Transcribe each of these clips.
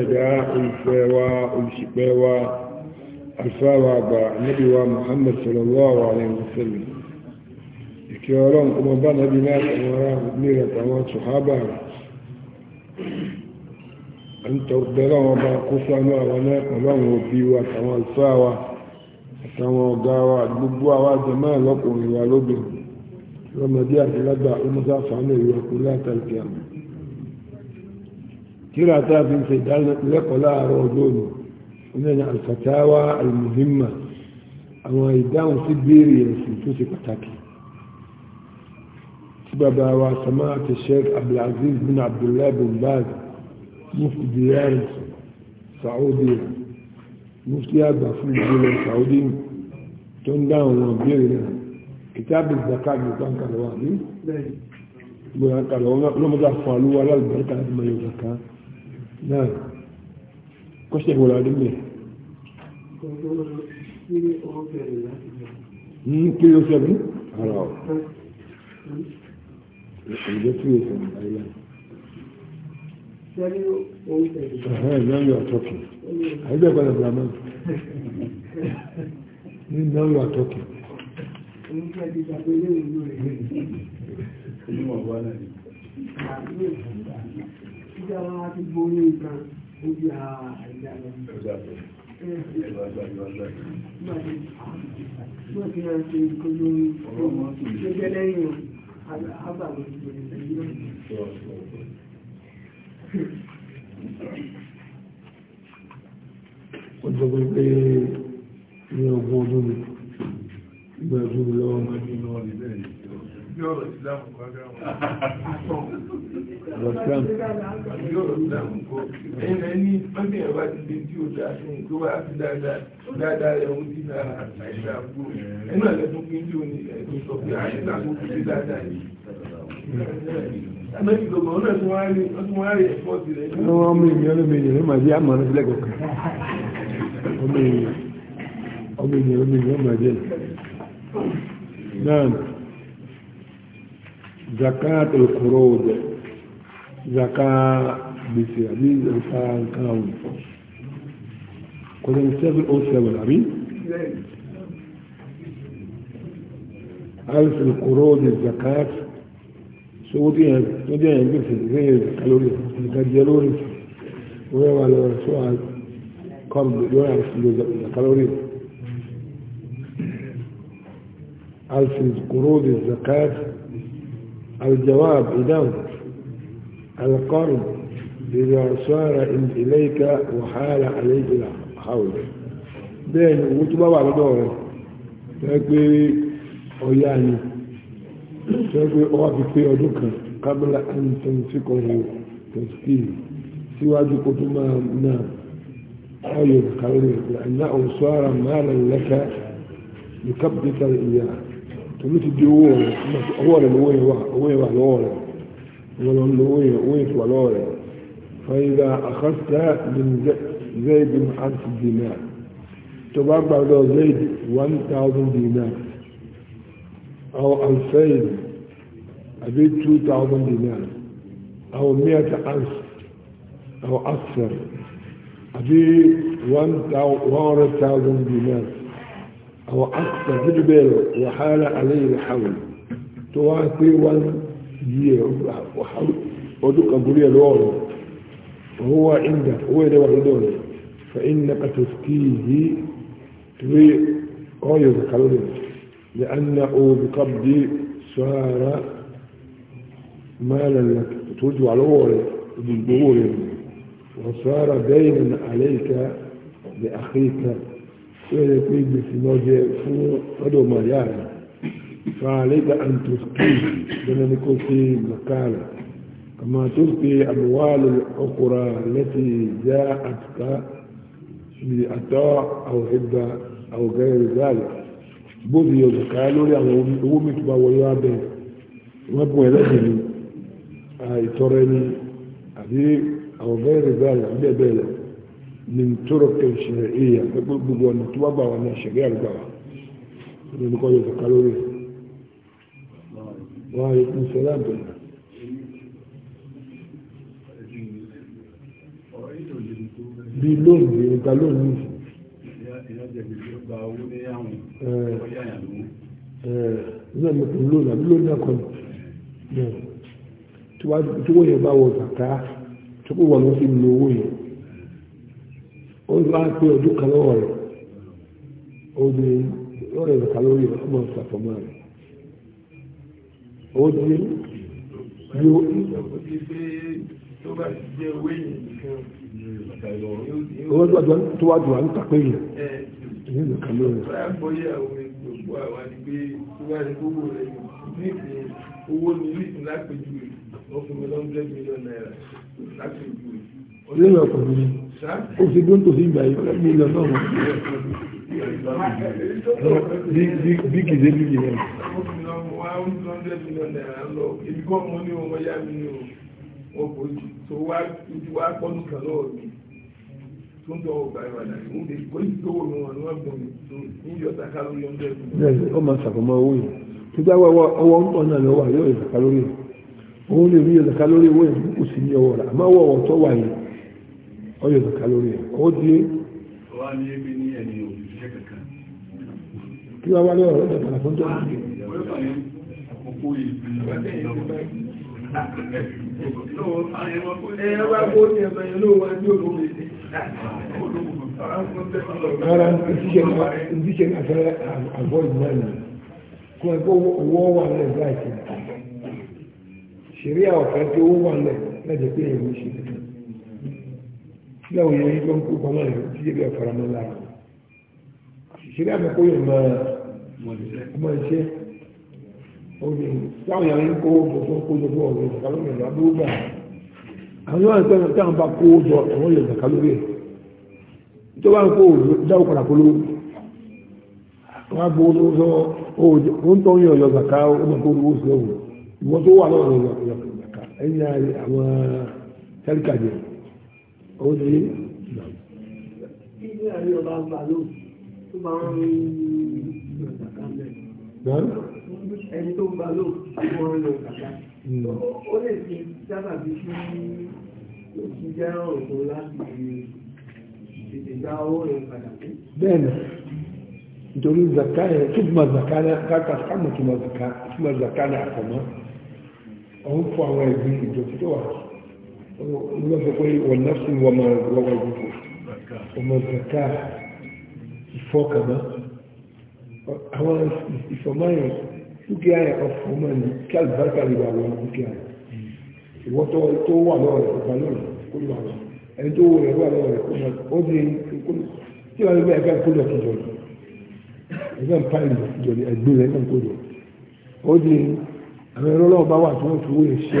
ẹ̀dá olùfẹ́ wa olùṣìpẹ̀ wa alfáwa àgbà níbi wa muhammad sallallahu alayhi wa sallam ìkẹ́ ọlọ́run kó mọ bá nàbí náà tàwọn ará ní rẹ̀ tàwọn sùhábà rẹ̀ ń tọrọ bẹ́ẹ̀ wọn bá kó sánú àwọn náà tíra tá a fi ń ṣe ìdánilẹ́kọ̀ọ́ láàárọ̀ ọjọ́ òní oníyàn alfatawa almuhimma àwọn ìdáhùn sí béèrè ẹ̀sìn tó ṣe pàtàkì tí bàbá wa sama'at sheikh abdulaziz bin abdullahi bin baz mufti diyar saudi mufti àgbà fún ìgbìlẹ̀ saudi tó ń dáhùn wọn béèrè náà kìtàbí zakat nìkan kàlọ́wà ní gbọ́dọ̀ kàlọ́wà lọ́mọdé àfọ̀ọ́lúwa lálùbáríkà láti mọ̀ yóò zakat نعم كوش تقول هذا ليه كل يوم سبعين هلا هذا بلا بلامان من now you are talking Thank you ìjà ti gborí nǹkan ó di àìjà lọ. Wọ́n ti rán ṣe ìkójú gẹ́gẹ́ lẹ́yìn àbàlọ́ Ó jọ pé ní ogún ọdún ìgbẹ̀rún lọ́wọ́ máa ní ọdún bẹ́ẹ̀ yọ̀rọ̀ ìsìlámù kọjá wọn. Ẹ̀yìn ẹni mọ́tẹ̀ ẹ̀wá ti lè tí ó dá sí tó wá sí dáadáa rẹ̀ ń tí náà àìsà àbúrò. Ẹnu àlẹ́ tó pín tí ó ní ẹ̀tún sọ pé àìsà tó fi sí dáadáa yìí. Amẹ́bí gbogbo ọ̀nà tí wọ́n á rí ẹ̀fọ́ ti rẹ̀. Wọ́n mú ìyẹn lómi ìyẹn lómi àti àmọ́ ọ̀nà sílẹ̀ kọ̀ọ̀kan. Ọmọ ìyẹn lómi ìyẹn lómi ìyẹn lómi ìyẹn lómi ìyẹn zakat al-qurud zakat gbèsè àbí ìrìnfà nǹkan àwọn kò lè ní seven oh seven àbí. alif al-qurud zakat sowó tí yẹn tó jẹ́ yẹn gbèsè lẹ́yìn kalori nǹkan jẹ lórí wọ́n wà lọ sọ à kọ́m lórí àìsàn kalori. alif al-qurud zakat. الجواب إذا القرب إذا صار إليك وحال عليك الحول بين وتبا بعد دورة تقول أوياني تقول أوافي في أدوك قبل أن تنفقه تسكيه سوى كتما نام أيضا قولي لأنه صار مالا لك يكبتك إياه tòmí ti di owó rẹ̀ owó rẹ̀ lówó yẹn wà owó yẹn wà lọ́wọ́ rẹ̀ wọn lọ lówó yẹn owó yẹn ti wà lọ́wọ́ rẹ̀ fàyídà àkàtà zayidi muhammed dinar tó bá gbàgbọ́ zayidi one thousand dinar àwọn alfẹ́yìn àbí two thousand dinar àwọn mẹ́ta ans àwọn asfẹ́rẹ́ àbí one hundred thousand dinar. وأكثر بالبيل وحال عليه الحول تواتي وان وحول ودك قولي الوغل وهو عندك هو إذا وردونه فإنك تفكيه تري غير كالوري لأنه بقبض سارة مالا لك ترجع الوغل بالبغول وصار دينا عليك لأخيك fẹ́rẹ̀ pé gbèsè lọ jẹ fún ọdọ̀ màyà rẹ̀ fàálẹ́gbà àǹtòsíkì lọ́nà ní kò sí màkàrà kàmá tó pé àbúwálò ọkùnrà lẹ́tì já àtìká bí àtọ́ àwòhẹ́gbà àwògẹ́rẹ̀ rẹ̀ bóbi yọ zàká lórí àwọn owó mi wọlé wá bẹ́ẹ̀ wọ́n bùn ni àìtọ́rẹ́ ni àbí àwògẹ́rẹ̀ rẹ̀ bẹ́ẹ̀ bẹ́ẹ̀ من طرق شرعية يقول بدو أن توبع وأن الشريعة الجوع نقول يتقالوا لي وعليكم السلام بالله bí lóòrùn bí nípa lóòrùn ní ìsìn ní ọmọkùnrin lóòrùn àbí lóòrùn náà kọ́ni tí wọ́n yẹ bá wọ bàtà tó kó wà ló fi lo owó yẹn ó wá pé ọdún kan lọ́wọ́ rẹ̀ ó di lọ́rẹ̀ ìdọ̀ka lórí rẹ̀ ọmọ ìṣàfọ̀mọ́ rẹ̀ ó di yóò. owó tó wájú tó wájú wa ń tàpé yìí ní ìdọ̀ka lórí rẹ̀. owó ni lísìn lápèjúwe wọ́n fún mi lọ́ndẹ́ mílíọ̀nù náírà lápèjúwe. ó lè yọ̀ pẹ̀lú yìí. ó ti gbóǹtò sí ìgbà yìí ọlọ́gbìn ilẹ̀ náà wọ́n bí kìí bí kìí náà. Ibi kọ́ mo ní ọmọ yá mi ní o, wọ́n kò jù tó wá ojú wá pọ́nù kan lọ́wọ́ mi tó ń tọ́ ọgbà ìwàdà ní oúnjẹ kò ní tó wọ́n wọn wọ́n gbọ́n mi ní yọ sàkà lórí ọjọ́ ìgbìmọ̀. ọmọ sàkọmọ owó yìí tó dá wọ́wọ́ ọwọ́ ń bọ̀ náà lọ́wọ́ yóò yọ sàkà lórí òun lè rí yọ sàkà lórí owó yìí kò sí ní ọwọ́ rẹ̀ àmọ́ ọwọ́ ọ̀tọ́ wà yìí ó yọ zaka lórí ẹ̀ ó di é. wọ́n kí wá lé ọ̀rọ̀ ẹ̀dẹ̀ kan fún jọ́ọ̀nù. Ara ndíṣe ní afẹ́rẹ́ avoid money kí wọ́n kó owó wà lẹ̀ láìsí. Ṣèrí àwọn tí owó wà lẹ̀ lẹ́jẹ̀ pé èyí ṣe tuntun tí àwọn èèyàn yìí ló ń kó pamọ́ ẹ̀ tí yẹ bẹ́ẹ̀ fara mọ́ lára ìṣẹ̀lẹ̀ àmọ́ kó yẹ máa ọmọ iṣẹ́ òní táwọn èèyàn yìí kó gbogbo kó jọ fún ọ̀rẹ́ ìṣàkà lórí ẹ̀rọ abúrú gbà àwọn yóò ń tẹ́lẹ̀ táwọn bá kó jọ ẹ̀wọ̀n yẹ̀ ìṣàkà lórí ẹ̀ tó bá ń kó dáwọ́ padà polówó wọ́n á gbowó tó sọ ó ń tọ́yìn ọ̀yọ́ ìṣàkà ọmọ tó rówó sí ọ̀wọ̀ ìwọ́n tó wà lọ́wọ́ ìṣàkà ẹ̀yìn àwọn tẹ́lẹ̀ kàjẹ́ ó di ẹni tó gba ló wọ́n ń lo kàkà hmm. ó lè fi sábà bí kí ó ti jẹ́ ọ̀rọ̀ láti bẹ́ẹ̀ni nítorí zaka yẹn tó gbọ́n zaka náà káàkà sáàmù tó gbọ́n zaka náà kọ̀ ọ̀hún fún àwọn ẹ̀gbìn ìjọ tó ló sọ pé wọ́n nọ́ọ̀sì wọ́n máa lọ́wọ́ ìdìbò ọmọ zaka ìfọ́kànmá àwọn ìfọ̀máyọ̀ dúkìá yẹn ọ̀fọ̀ ọmọ ẹni kí àlùbáríkà lè wà wọ́n dúkìá yẹn ìwọ́tọ̀ tó wà lọ́wọ́ rẹ̀ ọ̀gá lọ́rẹ̀ kó lè wà wọ́n ẹni tó wọ̀ rẹ̀ wà lọ́wọ́ rẹ̀ kó lè ó di tí wọ́n lè gbé ẹgbẹ́ kó lọ kíjọ ni ẹgbẹ́ pàìlì kíjọ ni ẹgbẹ́ rẹ̀ náà kó lọ ó di àwọn ẹ̀rọ lọ́wọ́ bá wà tí wọ́n fi wọ́n ṣe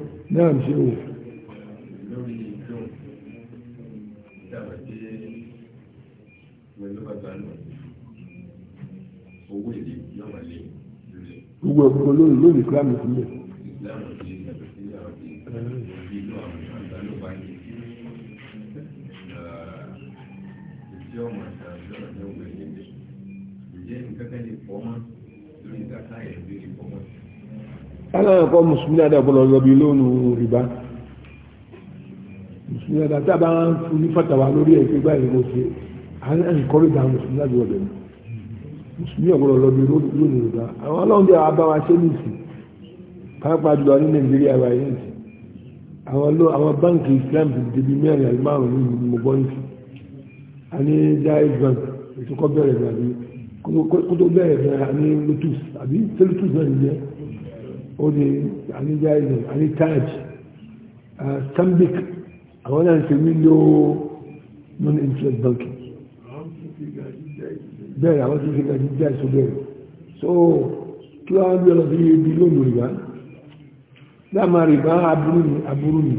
náà ṣe o. lórí ìjọ dábàá gbogbo ẹ̀kọ́ lórí lórí ìsìlámù sílẹ̀. ìsìlámù ti yàtọ̀ ọmọ àtàwọn ìjọba ní òwe ǹjẹ́ nǹkan kan lè fọ́ mọ́ lórí ìdàkà yẹn lórí ìfọ́mọ́sí aláwọn ẹ̀kọ́ mùsùlùmí dáadáa ọ̀pọ̀lọ̀ rọ̀bì lónù rìbá mùsùlùmí dáadáa tábà ń fún ní fàtàwà lórí ẹ̀ gbígbà ìlú ṣe àwọn ẹ̀kọ́rí dáa mùsùlùmí dáadáa ọ̀dọ̀ mi mùsùlùmí ọ̀pọ̀lọ̀ rọ̀bì lónù rìbá àwọn ọlọ́run bí a bá wa ṣe nìsí pàápàá jùlọ ní nàìjíríà wa yẹn sí àwọn báńkì islam ti débi mẹ́rin àti márùn-ún ní mo gbọ́ nìsí a ní jaiz bank ètò kọ́ bẹ̀rẹ̀ àbí kótó ودي يعني جائزة يعني تاج استنبك اولا نسوي له من انفلت بانكينج بيع عملت في جائزة جائزة بيع سو كل عام يلا في بلون ربا لا ما ربا عبروني عبروني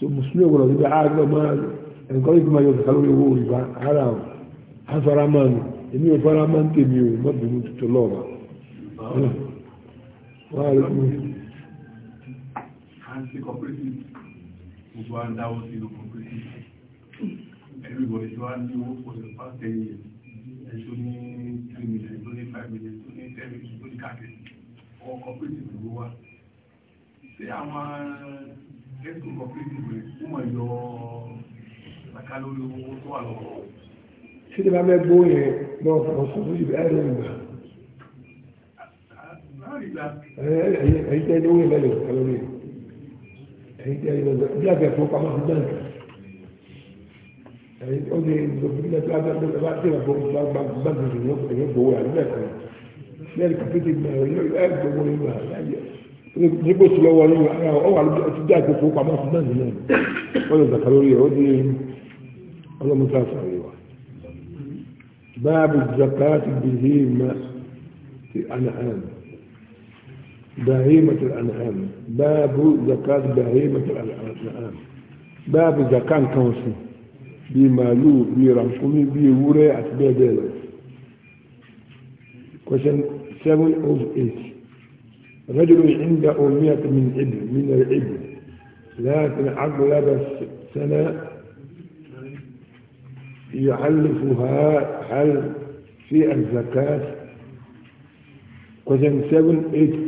سو مسلم ولا ربا عارف ما انقلت ما يدخلوا له ربا على حفر امان èmi ò fara máa ń tèmi o má bínú tuntun lọ́ọ̀bà. Everybody who has to work for the past 10 years, and so many 3 million, so many 5 million, so many 10 million, so many capital, or cooperative ló wá. Ṣé àwọn ẹ̀sùn cooperative rẹ̀ ó mọ̀ yọ ọ̀ṣàká lórí owó tó wà lọ́wọ́? Ṣé ti bá mẹ́ gbóyè lọ́wọ́ fún ọ̀sán lójú ẹ̀rọ ìgbà? ẹ̀yìn tẹ́ owó ìbẹ̀lẹ̀ ẹ̀lórí ẹ̀yìn tẹ́ ìbẹ̀lẹ̀ bí àgbẹ̀ fún pamọ́ sí bẹ́ǹkì ẹ̀yìn ó ní ìdòkúnlẹ̀ tó bá tẹ̀ bá tẹ̀ bá gba bẹ́ǹkì ìyẹn gbowó rà níbẹ̀ kan lẹ́yìn kàpẹ́tì ẹ̀gbowó rẹ̀ wà nígbò tí lọ́wọ́ ní ọwà ti dá ìgbò fún pamọ́ sí bẹ́ǹkì náà wọ́n lè zàkà lórí ẹ̀ ó ní ọlọ́mọta sàrẹ̀ wà báàbù zakati bìhí ma ti àná àná بهيمة الأنعام باب زكاة بهيمة الأنعام باب زكاة كونسي بي مالو بي رانكومي بي أتبع بيلو question 7 of 8 رجل عنده أمية من إبل من الإبل لكن أغلب السنة يعلفها هل في الزكاة question 7 8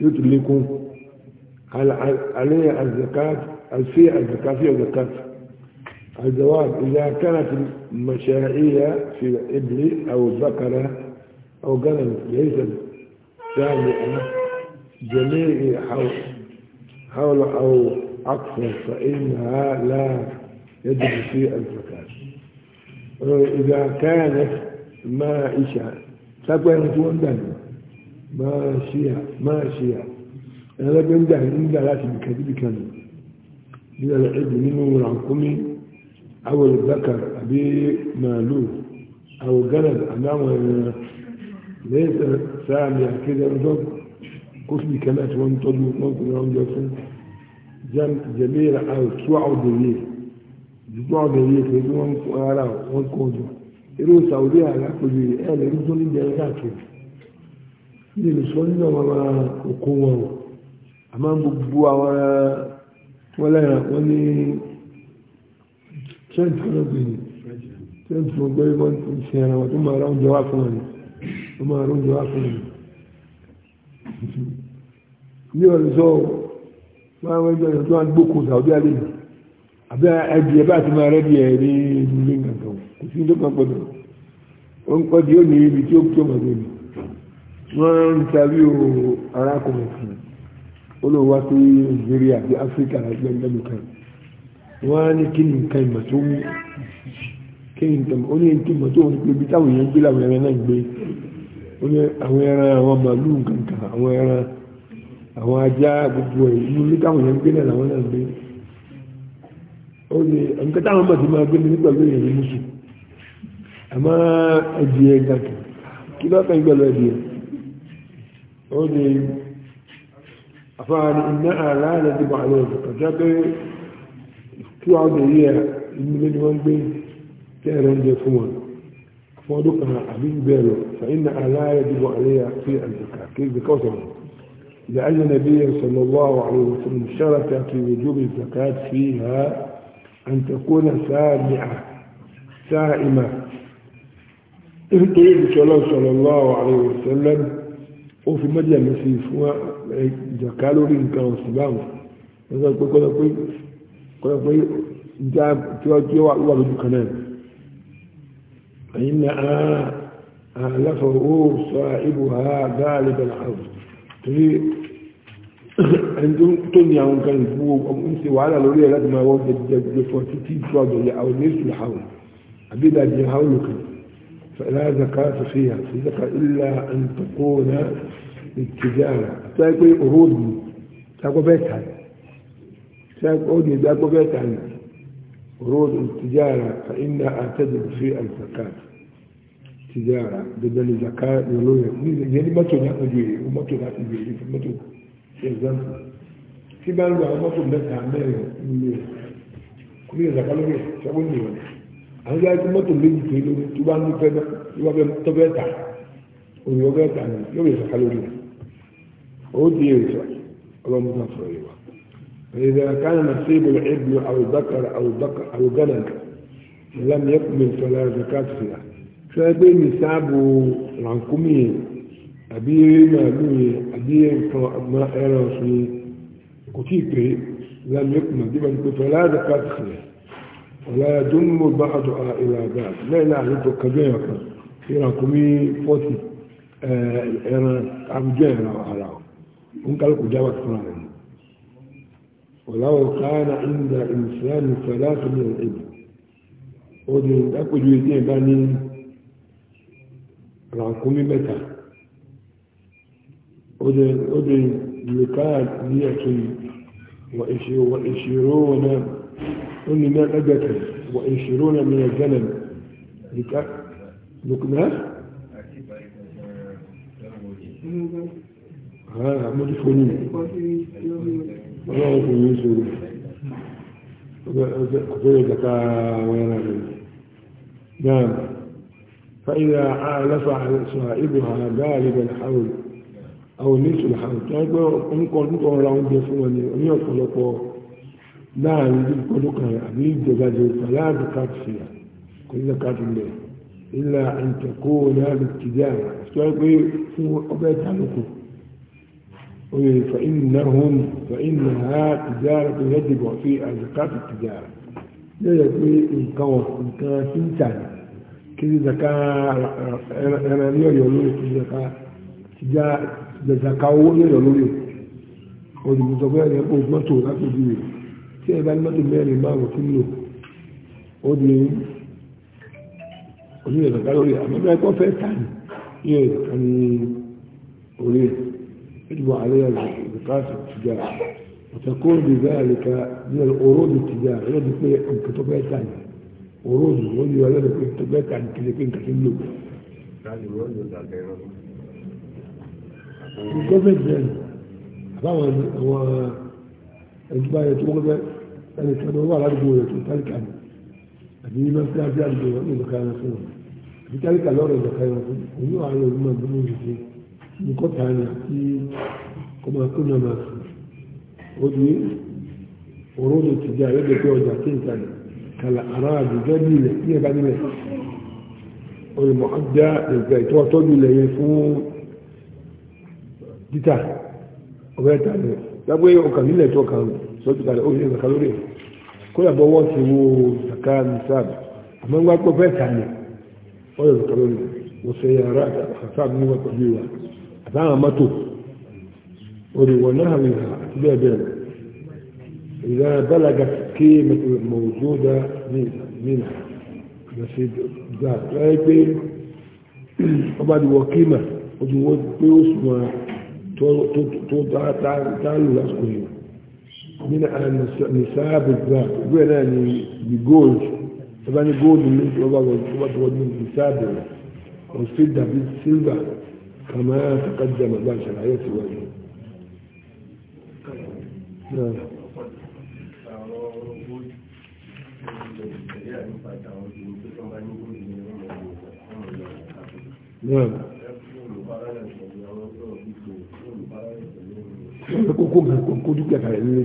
يدرك عليه الزكاة في الزكاة في الزكاة الجواب إذا كانت مشاعية في الإبل أو البقرة أو قلم ليست سامعة جميع حول, حول أو أكثر فإنها لا يجب في الزكاة إذا كانت مائشة تبقى يكون دائما máṣíà máṣíà ẹlẹ́gbẹ́ ń gbà ń gbà láti bìkan síbi kan nù nínú ẹ̀dù nínú rànkúmí awol zakar àbí màálù àwọ̀ gánà àbáwọn ẹ̀rọ lẹ́yìn sáàmì àkéde ọjọ́ kó síbi kan náà tí wọ́n ń tọ́jú wọn kò náà ń jọ fún jẹ̀mí àtúwà ọ̀dọ̀ yìí jùlọ ọ̀dọ̀ yìí pé bí ilé lùsọ́ nínú àwọn òkú wọn o àmọ́ gbogbo àwọn wọ́n lẹ́yìn wọ́n ní trent ọlọ́gbìn trent fún ọgbẹ́ wọn ti ṣe ara wọn tó máa ra oúnjẹ wá fún wọn tó máa ra oúnjẹ wá fún wọn ní ọ̀rẹ́ sọ wọ́n á wọ́n jẹ́ ọ̀rẹ́ tó wá alẹ́ yìí àbí ẹbí ẹ bá máa rẹ́ bí ẹ ní ìlú nǹkan kan kò sí ní tó kàn pọ̀ náà ń kọ́ di ó ní ibi tí ó tó màgbé mi. wọ́n ń ọrụ o arákùnrin kan olówó wá Nàìjíríà àti Áfíríkà láti gbẹ̀gbẹ̀lú wọ́n á ní kí ni nǹkan ìmọ̀ tó mú kí ni nǹkan ó ní nǹkan ìmọ̀ tó ń pè bí táwọn èèyàn gbé làwọn ẹran náà gbé ó ní àwọn ẹran àwọn màálù nǹkan kan àwọn ẹran àwọn ajá gbogbo ẹ̀ inú táwọn èèyàn gbé náà أولي أفعل إنها لا يجب عليه فجاءت توعد هي من الوالدين كأن يفهمون فوضقها حبيب باله فإنها لا يجب عليها في الزكاة كيف بكوثر لأن النبي صلى الله عليه وسلم شرك في وجوب الزكاة فيها أن تكون سامعة سائمة إذ صلى الله عليه وسلم ó fi mọ́jẹ̀mí sí fún ìjàká lórí nǹkan ọ̀sìn báwọn wọ́n sọ pé kọ́lọ́ pé kọ́lọ́ pé ìjà tí wọ́n tí wọ́n wà lójú kan náà ẹ̀yin na àlàfọ̀ ó sọ ibù ha gáàlì bẹ̀rẹ̀ àwọn torí ẹni tó ní àwọn nǹkan ìfú ń ṣe wàhálà lórí ẹ̀ láti máa wọ́n jẹ jẹ fọ́ títí tó àjọyọ̀ àwọn ní ìsúlẹ̀ àwọn àbí àwọn olùkàn فلا زكاة فيها زكاة إلا أن تكون التجارة تاكوي أرودني تاكو بيتها تاكو أرودني تاكو بيتها أرود التجارة فإن أعتدل في الزكاة تجارة بدل زكاة يلوية يعني ما تنع نجوي وما تنع نجوي ما تنع يلزم كما لو ما تنع نجوي كل زكاة لوية شابوني ولا àwọn yàrá tó mọ́tò méjì tó lórí tó bá ní fẹ́ tó bá fẹ́ tó fẹ́ tà òun yóò fẹ́ tà ní yóò fẹ́ sàkà lórí rẹ̀ ó di èrè sọ ọlọ́mọ náà sọ̀rọ̀ yìí wa. إذا كان نصيب الابن أو الذكر أو الذكر أو جنن لم يكمل فلا زكاة فيها. فهذه نساب رانكومي àbí màálù yẹn àbí nǹkan ọgbọ́n ẹran ọ̀sùn yẹn kò tí ì pé lámẹ́kùnmá bí wọ́n ti pè fẹ́ láàrín káàkiri لا يدم بعض إلى بعض لا لا يدو كبير يرى كمي فوتي أنا أبجان على هم قالوا كجابة فلان ولو كان عند إنسان ثلاث من العلم ودين أكو جويتين باني رانكمي متى ودين ودين لكاد مئة وعشرون كل ما أدك وعشرون من الغنم لكنا ها مدفونين الله يكون يسوع كذلك وينادي نعم فإذا عالف صاحبها غالب الحول أو نصف الحول تقول أنكم تقولون لهم بيسوني أن يقولوا láàrin bí ọdún kan àbí ìjọgbàjọ pàláàdù káàkiri kò ní káàkiri ilá ìtẹ̀kọ́ láàrin kìdí àrà tó ẹ pé fún ọbẹ̀ ìtàlùkù oye fa'inahun fa'ina ha tijara tó yẹ dìbò sí àzùkátù tijara yóò yẹ pé nǹkan nǹkan tí ń tà ní kiri zaka ẹran ní ọ̀yọ́ lórí kiri zaka tijara zaka owó ní ọ̀yọ́ lórí olùdókòwò ẹ̀yẹ kó mọ́tò láti ojú rẹ̀ tí ẹ bá ní mọ́tò mẹ́rin márùn tún lò ó di oníyẹ̀ zaka lórí àmọ́bí ẹ̀kọ́ fẹ́ tà ní yẹ zaka ní orí ẹ̀ ìdìbò àlẹ́ zaka tìjà ọ̀tẹ̀kọ́ ní zaka ní ọ̀rọ̀ ní tìjà ẹ̀rọ ní pé nǹkan tó fẹ́ tà ní ọ̀rọ̀ ní wọ́n yọ ẹ̀rọ ní ẹni tí ọdún wà ládùúgbò rẹ̀ tó tálíkà ní àbí iná tí a bí àdúgbò wọn ní ìlú káyọ̀ fún wọn àbí tálíkà lọ́rọ̀ ìlú káyọ̀ fún wọn òun yóò àárọ̀ òun máa dúró ìdíje ní kọ́ta ni àti ọmọ akóni ọmọ àti odi òun ló ti di àyọ̀dẹ̀ pé ọjà kéńtà ni kàlà ara àdúgbò bí ilẹ̀ ní ẹ̀bá nílẹ̀ olùmọ̀ ọjà ìgbà ìtọ́ tọ́jú ilẹ̀ yẹn fún kódà bọ́ wọ́n ti wo zaka nisaab àmọ́ wọn gbọ́ fẹ́ẹ́ tàlẹ̀ wọ́n yọ zaka lónìí wọ́n sọ yàrá àtàkùn ní wọn pẹ̀lú wa àtàwọn mọ́tò orí wọn náà rìn hà àti bẹ́ẹ̀ bẹ́ẹ̀ lọ ìlà bálaga kéèmù mọ̀ọ́dọ́dà nínà lọ́sẹ̀ gbà láyé pé ọba ti wọ kéèmà ojú wọn pé ó sùn tó dáa lù lásìkò yìí nínú àwọn nìsáàbù gbà ìgbé náà ní the gold ọba ní gold ní ọba ọba tó wọ́n ní nìsáàbù rẹ̀ ọ̀ sí dàbí silver kàmá àtàkàjà màbá ṣàlàyé síwájú. Yeah kókó mi kókó dúkìá kàrẹ̀ lórí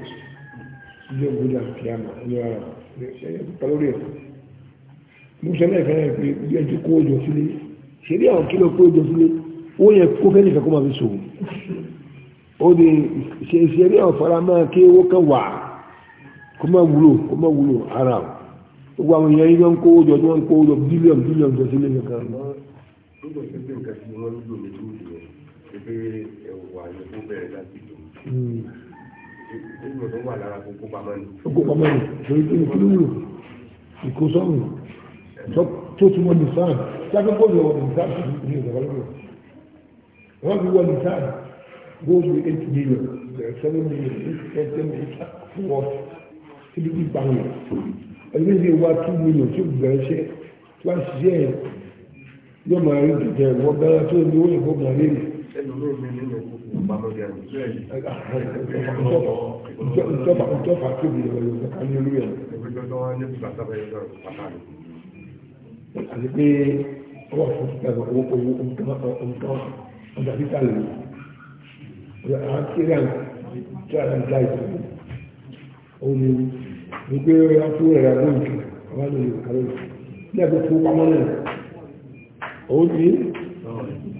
ilé ògbóni àkìyàmà ilé ara palórí ẹ̀ musa náà fẹ́ràn pé bí ẹjọ́ kó ojò sílé ṣe bí àwọn kílò kó ojò sílé ó yẹ kó fẹ́ nìkan kó máa fi sòwò ó di ṣe ṣe bí àwọn fara máa ké owó kan wà kó máa wúlò kó máa wúlò ara o gbogbo àwọn èèyàn yìí wọ́n kó ojò tí wọ́n kó ojò bílíọ̀nù bílíọ̀nù jọ sílé nìkan. gbogbo ìṣẹ́jú nǹkan tí wọ́n lò ní ẹ̀ pé ẹ̀wà ni ó bẹ̀rẹ̀ láti dùn nínú tó wà lára kókó pamọ́ ni. kókó pamọ́ ni torí pé kí ló wù ìkó sọ́run tó tún wọ nìsáàn jágbé bóyá wọ nìsáàn tó tún ní ìjọba lọ́wọ́ wọ́n fi wọ nìsáàn ẹlòmíì mi nínú ìkókò pamọ́jà mi. ìjọba ìjọba tóbi ọ̀rọ̀ yóò ká ní olú yẹn. ìgbẹ́jọ́ tó wá ní bàtà bẹ́ẹ̀ náà pàtà mi. àti pé ọwọ́ fún ìgbàgbọ́ owó owó òǹtọ́ ọjà títà lè lò. àwọn kíra tí a ti dá ìtọ́jú òun ni wípé wọ́n tún rẹ̀ àgbóyè kí wọ́n lè lò kárẹ́ ní ẹgbẹ́ fún pamọ́ náà òun ni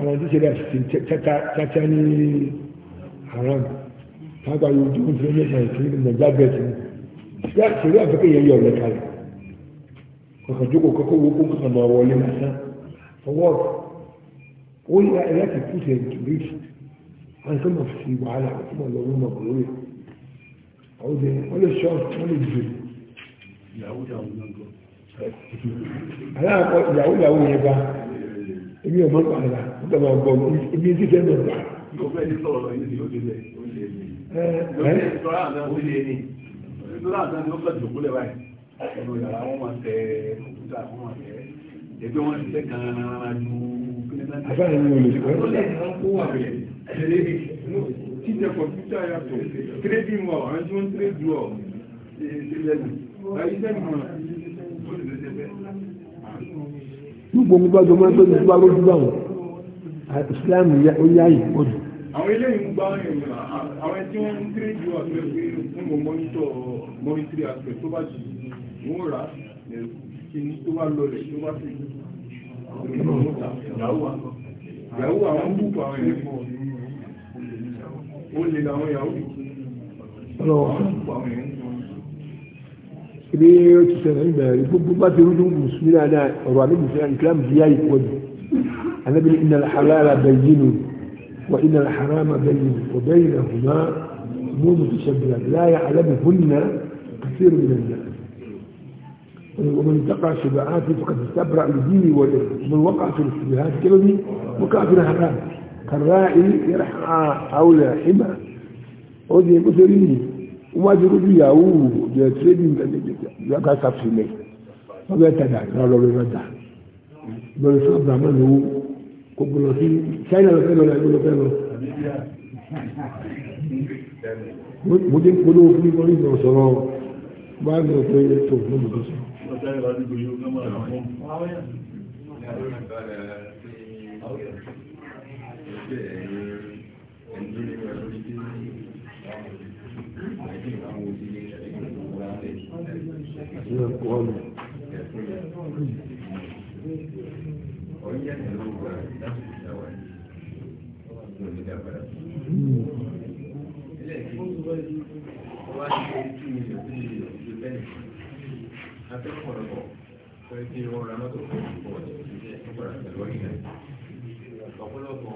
àwọn tó ṣe láti ṣe tẹ́tẹ́ ní haram tábà yóò dúró ní ọjọ́ ìgbà ìpínlẹ̀ ní nàìjíríà bẹ́ẹ̀ sí ṣeré àfikẹ́ yẹn yọ ọ̀rẹ́ kalẹ̀ kọ̀kan jókòó kọ́kọ́ wo kó kọ̀kan máa wọlé lásán ọwọ́ ó yẹ láti put it to rich àwọn tó fi wàhálà tó máa lọ wọ́n kúrò rẹ̀ àwọn obìnrin wọ́n lè ṣọ́ wọ́n lè jù ìyàwó ìyàwó yẹn bá èmi ọmọ pààlà nígbà máa bọ̀ ibi tí fẹ́ mọ̀ gbà. yóò fẹ́ ní sọ̀rọ̀ yìí ni ó lè lẹ̀ ó lè ní. ẹ ẹ ìtura àná ó lè ní ìtura àná ni ó fẹ́ jòkó lẹ̀ báyìí. ọ̀rọ̀ yàrá wọn máa tẹ òkúta wọn máa tẹ ẹgbẹ́ wọn ti tẹ kànáà ju kílẹ̀dá. àbáyé ni olè ṣùgbọ́n. ó lè ní wọn kó wà bẹ̀ ẹ̀rẹ́ mi títẹ kọ̀mpútà yàtọ̀ tírẹ́dì mu ọ̀ àwọn tí wọ́n tírẹ́dì ọ̀ ṣe ṣe lẹ́nu gbogbo ọmọ bá jọ máa ń tó ní gbàgbọ́ jù báwọn Islam ó yá yìí ó dùn. àwọn eléyìí ń gbá àwọn tí wọ́n ń tẹ́lẹ̀ ju àpẹẹrẹ pé fún mọ̀ mọ́nítọ̀ mọ́nítírì àpẹẹrẹ tó bá jù wọ́n rà kí tó bá lọlẹ̀ tó bá fi yàwó àwọn búkú àwọn ẹ̀rẹ́ pọ̀ ó lè làwọn yàwó ọlọ́wọ́ إن الحلال بين وإن الحرام بين وبينهما مو متشبهان لا يعلمهن كثير من الناس ومن تقع شبعاته فقد استبرا لدينه وإرضه ومن وقع في الاشتباهات كلمه وقع في الحرام كالراعي يرحى حول حمى وزي مثلي وما جرد ياهو جاتريدي من الجزء yọgá sàfilẹ wọn bẹ tẹdà lọlọ lọ dà lórí fún abrahamu lówó kó gbọlọ sí china lọ fẹlẹ lọ lọ fẹlẹ mo dé polówó fún mi lọ sọ̀rọ̀ báyìí lọ pé tó ló mọ Thank you ọ̀pọ̀lọpọ̀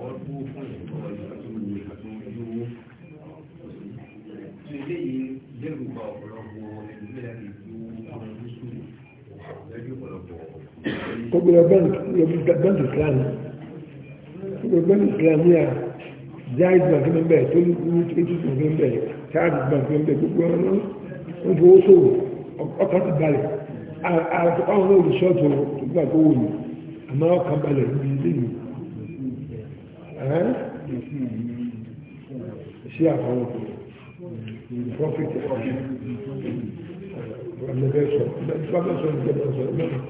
ọdún fún ìlú tó gbé lọ bẹ́ǹkì islam tó gbé bẹ́ǹkì islam ní à jaiz bank ní bẹ́ẹ̀ tó ní egypt bank ní bẹ́ẹ̀ charles bank ní bẹ́ẹ̀ gbogbo ọ̀nà ń fowó sòwò ọkàn ti balẹ̀ àwọn náà olùṣọ́ọ̀tò tó gbà kó wò ní àmọ́ ọkàn balẹ̀ níbi ilé yìí ṣé àfọwọ́ profit ọ̀hún ọ̀nà bẹ́ẹ̀ sọ ìgbà tí wọ́n bá sọ ìjọba sọ ìgbà náà.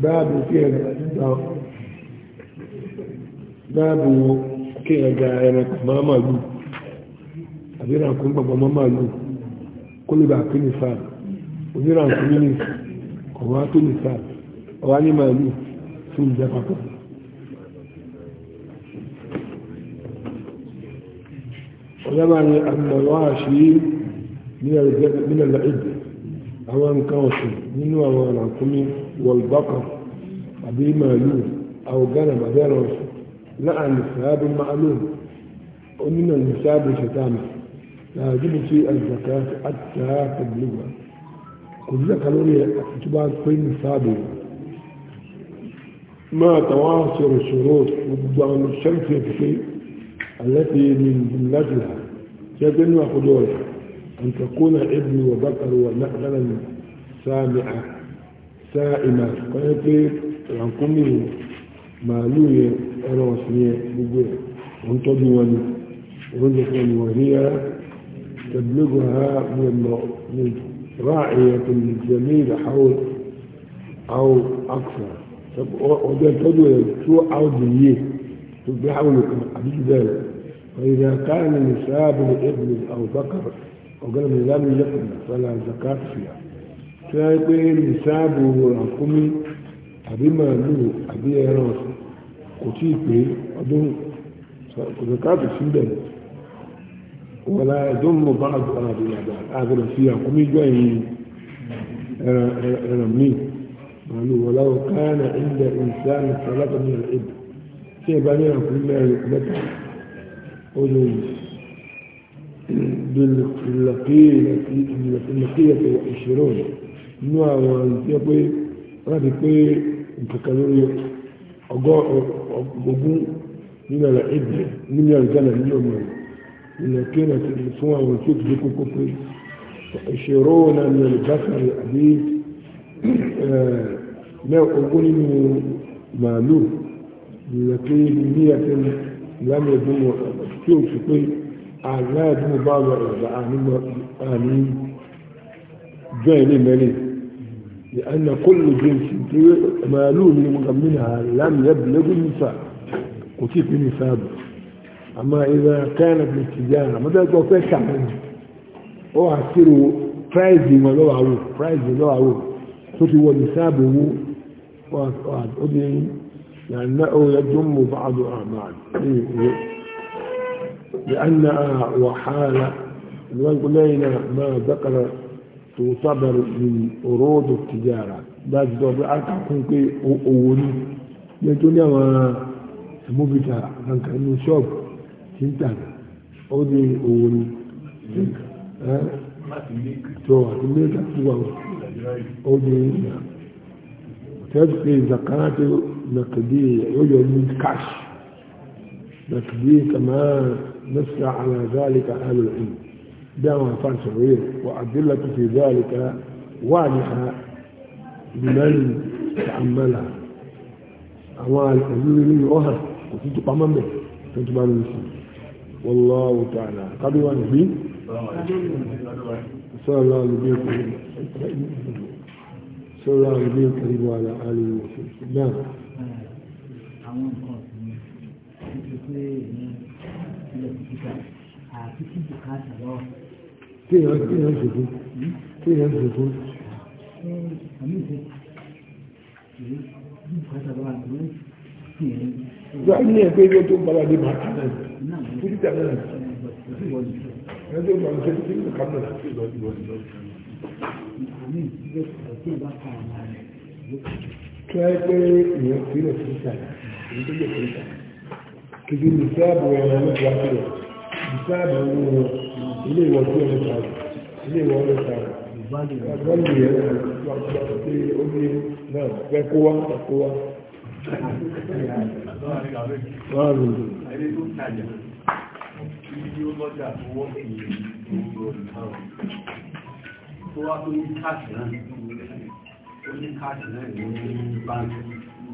báàbù kí ẹ̀gà ẹranko máa màlúù àbí ẹranko gbogbo máa màlúù kó lè bà kí ní sáà oníranko ní ọ̀wá tó ní sáà ọ̀wá ní màlúù fún ìjẹ́ papọ̀ ọ̀lẹ́bàá ni àmàlúwà ṣe ní ẹ̀rẹ̀ àwọn nǹkan ọ̀sìn nínú àwọn àràkúnmí wọ̀lbọ́kọ̀ àbí màálù àwògánà bàbẹ́rẹ̀ ọ̀sìn láàánú sàábù màálù onínà ní sàábù ṣètàmì làájúbù sí àjàkà àtàrà tẹ̀lẹ́wà kò sí àkàlórí àti tó bá pé ní sàábù máa tàwọn sọ̀rọ̀ sọ̀rọ̀ gbogbo àwọn sẹ́ńtì ẹ̀fẹ́ التي من جملتها تدل وحضورها أن تكون ابن وبكر ونقلا سامعة سائمة فيكي رانكمي مالوية أروسية بقوة وانتظر وني ونجح وهي تبلغها من راعية الجميل حول أو أكثر طب وده تدوي شو عاوز ليه بيحاول يكون ذلك فإذا كان نساب لابن أو بكر ọ̀gá mi lámì lẹ́kùn fẹ́lá zakat fìyà tí wọ́n pé nìsáàbù ràkúnmí àbí màálù àbí ẹran kò tí ì pé ọdún kò zakat sí bẹ̀rẹ̀ wọ́n la ẹ̀dùn mọ̀ bá àdúrà àbí àdá àgbẹ̀rẹ̀ sí ràkúnmí jọ yìí ẹran míì màálù wọ́n láwọ̀ káyánà ìndẹ̀ ìsáàbù fẹ́lá tó ní ẹ̀rọ tí ẹ bá ní ràkúnmí mẹ́ta ó lè yìí. باللقية والعشرون inú àwọn ìjẹ́ pé wọ́n ti pé nǹkankan lórí ogún nínú àlà ìbẹ̀ nínú àlùjánà nínú ọmọ ìlẹ̀kẹ́ àti fún àwọn tí ó ti dékò kó pé ìṣòro náà ní àlùbáṣàrì àbí ogún nínú màálù ìlẹ̀kẹ́ ní àti lámì ẹ̀dùn tí ó ti pé àlá ìdúgbò bá lọ ìgbà àní jọ ilé mẹ́rin لأن كل جنس مالوه من مضمنها لم يبلغ النساء قتيل النساب أما إذا كانت للتجارة ماذا توفي شعبا ó wà sírò prize wọn lọ́wọ́ àwò prize lọ́wọ́ àwò tó ti wọ nìsáàbò wó ó di ẹyin yàrá ó yẹ jùmọ̀ bá àdó àmà àdó لأنها وحالة لنا ما ذكر تعتبر من عروض التجارة لا تدور أعتقد كي أولي يقول يا مبتع كان كأنه سنتان تنتهي أولي أولي تو أتمنى تقوى أولي تبقي زكاة نقدية يوجد من كاش نقدية كمان نص على ذلك أهل العلم دعوة فان صغير وأدلة في ذلك واضحة لمن تأملها أوال أزول أهل وكنت قمم به كنت بانوسي والله تعالى قدوة نبي صلى الله عليه وسلم صلى الله عليه وسلم وعلى آله وسلم نعم sílẹ̀ kí èèyàn kí èèyàn ṣòfò kí èèyàn ṣòfò. àmì ìṣe kí bùkátà lọ ẹgbẹ́ ilé tó ń bára dé máa kí títà náà ẹgbẹ́ tó ń bára dé kí títà náà sí ìlọ ìlọ ìlọ. àmì ìṣe kí ìbá kà á máa rẹ̀ lókè. kí wọ́n kìí ní sáàbù ẹ̀rọ ní ìwákìlẹ̀ ìsáàbù owó ilé ìwọ̀ tí ọdún sáàbù ilé ìwọ̀ ọdún sáàbù ìbáàlì ẹ̀rọ tí ó ní náà fẹ́ kó wá kó wá. Tó wá tó ní káàkiri náà, ó ní káàkiri náà ní báńkì.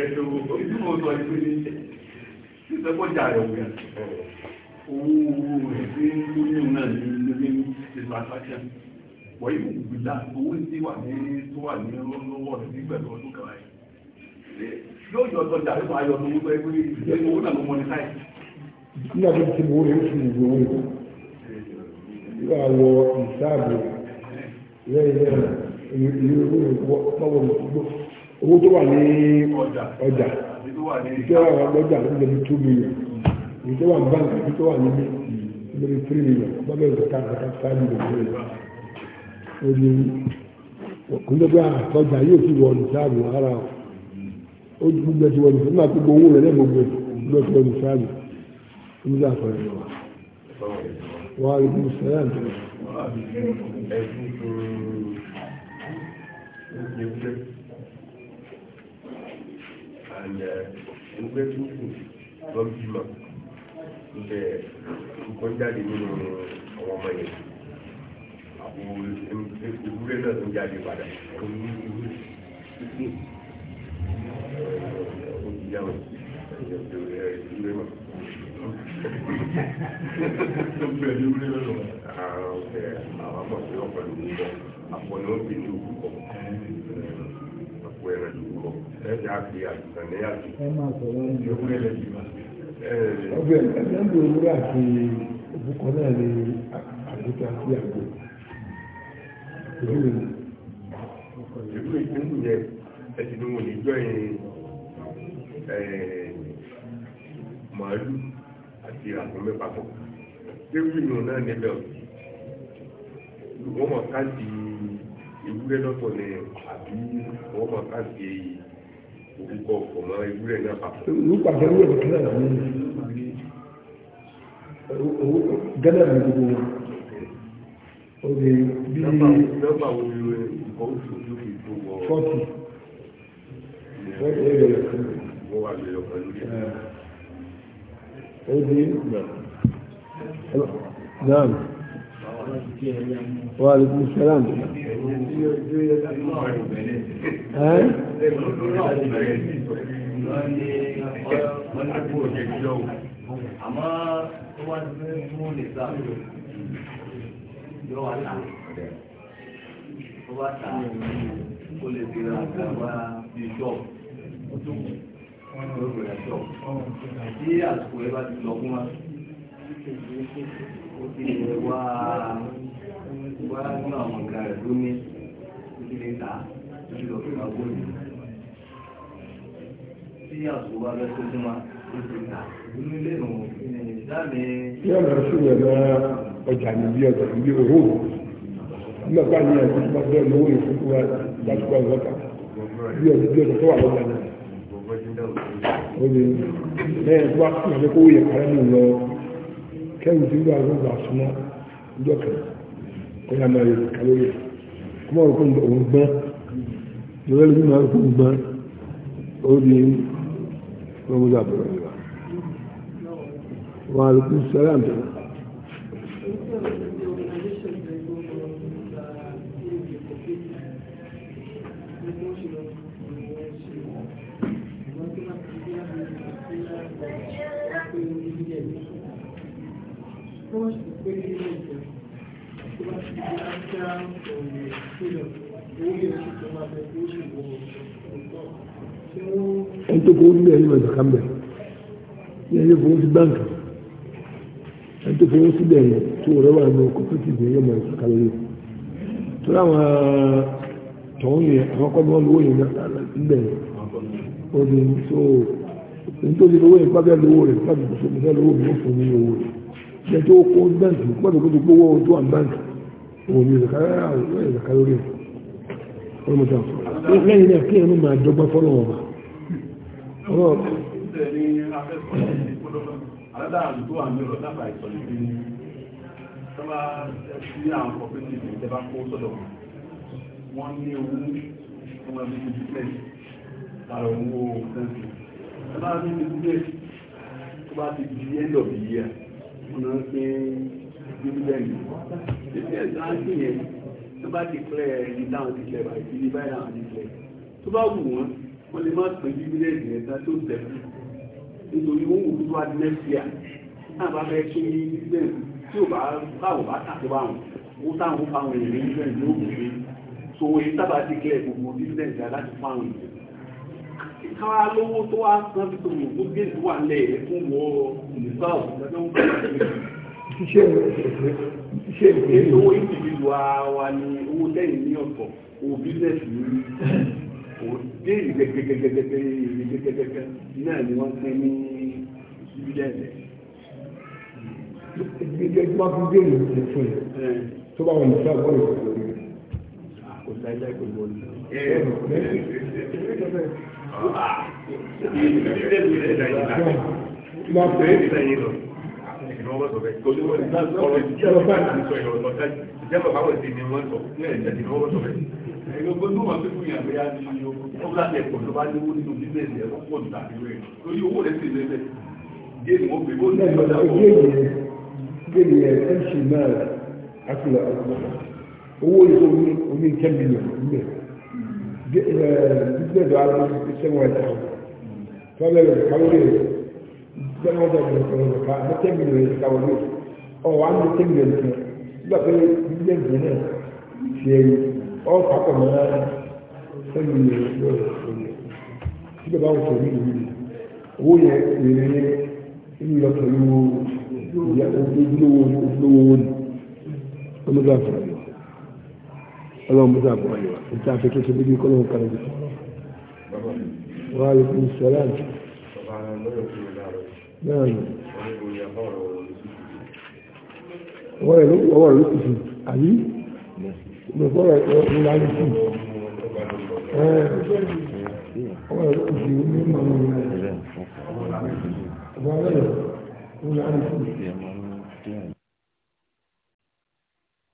ẹ̀dọ̀ ojúmọ̀ sọ ìpín ní ìsẹ́kọ̀jà rẹ̀ wù yà owó rẹ̀ tí ń kú ní náà ní ilé ní satisfaction wọ́n yìí kò gbìlá owó tí wà ní tó wà ní lọ́wọ́ rẹ̀ nígbà tó ọdún kàwáyé yóò yọ ọtọ jàre fún ayọ̀ tó wúlò ẹgbẹ́ ìgbẹ́ owó náà ló mọ ní táyì. nígbà tó ti wo èyí fún ìwé owó yóò àwọ ìsáàbò lẹ́yìn lẹ́yìn ìwé owó ìwọ́ mọ́wọ́ mi gbọ́ owó tó wà ní ọjà ìjọba ọjà ló lè ní two million èyí tó wà ní báńkì èyí tó wà ní lórí three million bábẹ́ ìzọ̀ká ìzọ̀ká five million lórí ó ní òkúndẹ́gbẹ́ àtọ́jà yóò ti wọ̀ nìsáàbù ara ó gbogbo ẹ̀ ti wọ̀ nìsáàbù gbogbo owó rẹ̀ lẹ́ gbogbo ló ti wọ̀ nìsáàbù ó ní láàpọ̀ ẹ̀ lọ́wọ́ wà á rí bí sẹ́yà Thank you ẹgbẹ́ tó kù lọ bímọ ilẹ̀ nǹkan jáde nínú àwọn ọmọ yẹn àwọn ewúrẹ́ náà tó jáde padà àwọn ewúrẹ́ ó ti yá wọn ewúrẹ́ mọ̀ tó bẹ̀rẹ̀ ewúrẹ́ lọ́wọ́ àwọn ọmọ tí wọ́n pẹ̀lú ìwúrẹ́ àpọ̀ ni wọ́n fi ní òkú kọ̀ wẹ̀rẹ̀ lùwọ̀ ẹ̀yà àti àtìsànlẹ̀ àti ìwúrẹ́ lẹ́yìn ọgbẹ́ ẹ̀lẹ́gbẹ̀ òwúrọ̀ àti òbúkọ náà ni àbúkọ àti àgbò ìwúrẹ́ ìwúrẹ́ ìpínlẹ̀ yẹn ẹ̀sìn ni mo lè jọ màálù àti àgbọ̀mẹ́ papọ̀ tẹ́wìnì náà níbẹ̀ wọ́n mọ̀ káàdì ewúrẹ́ lọ́tọ̀ ni àbí wọ́n máa káàkiri orúkọ ọ̀pọ̀ mọ́ ewúrẹ́ náà papọ̀. nípa àbẹ̀wò ẹ̀ kílẹ̀ ní gánà ní gbogbo wọn. ó lè bí nọ́mbà wo ni nǹkan oṣù tó fi tó wọ. fọ́ọ̀tì fọ́ọ̀tì ẹ̀rọ ẹ̀kọ́. wọ́n wà lóyọ̀ pẹ̀lú ẹ̀. ó lè náà wà lókun sẹ́lá ní. Àmọ́ tó wá ní fún lè sá yọ wá tà. Tó bá tà ó lè fi ra àgbà bí ṣọ́ọ̀bù. Ó lè fi ra ṣọ́ọ̀bù. Tí àsìkò wá nínú àwọn nǹkan rẹ̀ ló ní ìdílé ta ìdílé fún àwọn òní tí àsùnwó bá bẹ́ tó fún wa ìdílé ta ìdílé nù ìdáàmì. yóò lọ sí ìyẹ̀dá ọjà níbi ọjà níbi òhó nígbà bá ní ẹ̀kọ́ tó bá bẹ́ẹ̀ lówó ìfúnpá wa lásìkò àwọn ọ̀tá bí ọdún bí ọdún tó wà lọ́jà náà. Oye lẹ́yìn tó wá fún ìyàwó kó yẹ kárẹ́ mi lọ kẹ́rù tí súnmọ́ ọjọ́ kẹrin kó yà máa yọ kálórì ẹ̀ kó máa rò pé òun gbọ́n lórí ẹlòmí máa rò pé òun ọmọdé àbúrò ìwà wọn àlùkù sẹ́lẹ̀ àbẹ̀wò. ẹni tó fowó sílẹ̀ yìí mẹ́ta kan bẹ̀ ní ẹni fowó sí báńkì ẹni tó fowó sílẹ̀ yìí tó rẹ̀ wà ní cooperative yẹn mọ̀ ẹ̀sìn kan lórí tó láwọn tọ̀hún yẹn àwọn kọ́ bí wọ́n lówó yẹn níbẹ̀ yẹn ó ní so ẹni tó ti lówó yẹn pàbẹ́ lówó rẹ̀ pàbẹ́ lówó mi ó fún mi owó rẹ̀ jẹ́ tó kó báńkì pàbẹ́ kó tó tó wà báńkì òní ìzàkà ah, lórí ẹ̀ ọlọ́mọdé ọ̀sán lẹ́yìn náà kí ẹnu máa dọ́gba fọ́lọ̀ ọ̀bà wọ́n ní owó ọmọ ẹgbẹ́ business lára owó ọ̀sẹ̀ǹsì ẹgbẹ́ business tó bá ti di end of the year wọ́n náà ń pín dividend dividend náà sì yẹn tó bá declare ẹni táwọn ti lẹ̀ báyìí ti ní báyìí àwọn ti lẹ̀ tó bá wù wọ́n wọ́n lè má pè dividend yẹn tán tó tẹ̀lé nítorí wọ́n wù tó wá di next year náà bá fẹ́ tún ní dividend tí ò bá báwò bá tàbí báwọn ó táwọn ó fáwọn èèyàn ní dividend yóò wù mí so èyí sábà declare gbogbo dividend yẹn láti fáwọn èèyàn káwá lówó tó wá san bí tòun tó gé ìwà lẹ̀ fún wọ́ọ́ nìsáwọ̀ lọ́dún ṣíṣe ṣe ìpè owó ìpèlú wa ni owó lẹ́yìn ní ọ̀tọ̀ owó bísẹ̀sì ní òde ìgẹ́gẹ́gẹ́gẹ́gẹ́ ìgẹ́gẹ́gẹ́gẹ́ náà ni wọ́n pín ní bílẹ̀ẹ̀dẹ̀. ìgbẹ́jọ́ tí wọ́n fi dé ìlú ti fún yẹn tó bá wọn ìfẹ́ àgbọ̀n ìfẹ́ lórí rẹ̀. kò sáyé láì gbogbo ní. Ìgbà pẹ̀lú ìdáyé lọ ni wọ́n sọ bẹ́ẹ̀ torí wọ́n ọ̀rọ̀ ìdíjẹ́ ọ̀rọ̀ bá ń sọ ìrọ̀rọ̀ lọ́tà ìjẹ́bọ̀ báwọn ní ẹ̀jẹ̀ ni wọ́n ní ẹ̀ ẹ̀ ṣì náà àtúnlẹ̀ owó ìṣó ẹ̀ta tọ́lẹ̀ rẹ̀ kálórì rẹ̀ bẹ́ẹ̀ wọ́n bẹ̀rẹ̀ lọ́kọ̀ lọ́kà ní tẹ́mìlì rẹ̀ lọ́kà wọlé ọ̀ wà ní tẹ́mìlì rẹ̀ lọ́kà nígbà pé ilé ìgbẹ́ náà ti ẹ̀yẹ ọ̀ pàpọ̀ mọ́ tẹ́mìlì rẹ̀ lọ́kà wọlé tí bàbá wọ̀ sọ̀rọ̀ ìlú yìí owó yẹ èrè yẹ ń lọ pẹ̀lú ojúlówó náà nù wọ́n rẹ̀ lọ́wọ́ rẹ̀ lókùsù àbí lọ́wọ́ rẹ̀ lọ́wọ́ rẹ̀ lókùsù ọwọ́ rẹ̀ lókùsù ní mọ̀ ní ọwọ́ rẹ̀ lọ́wọ́ rẹ̀ lókùsù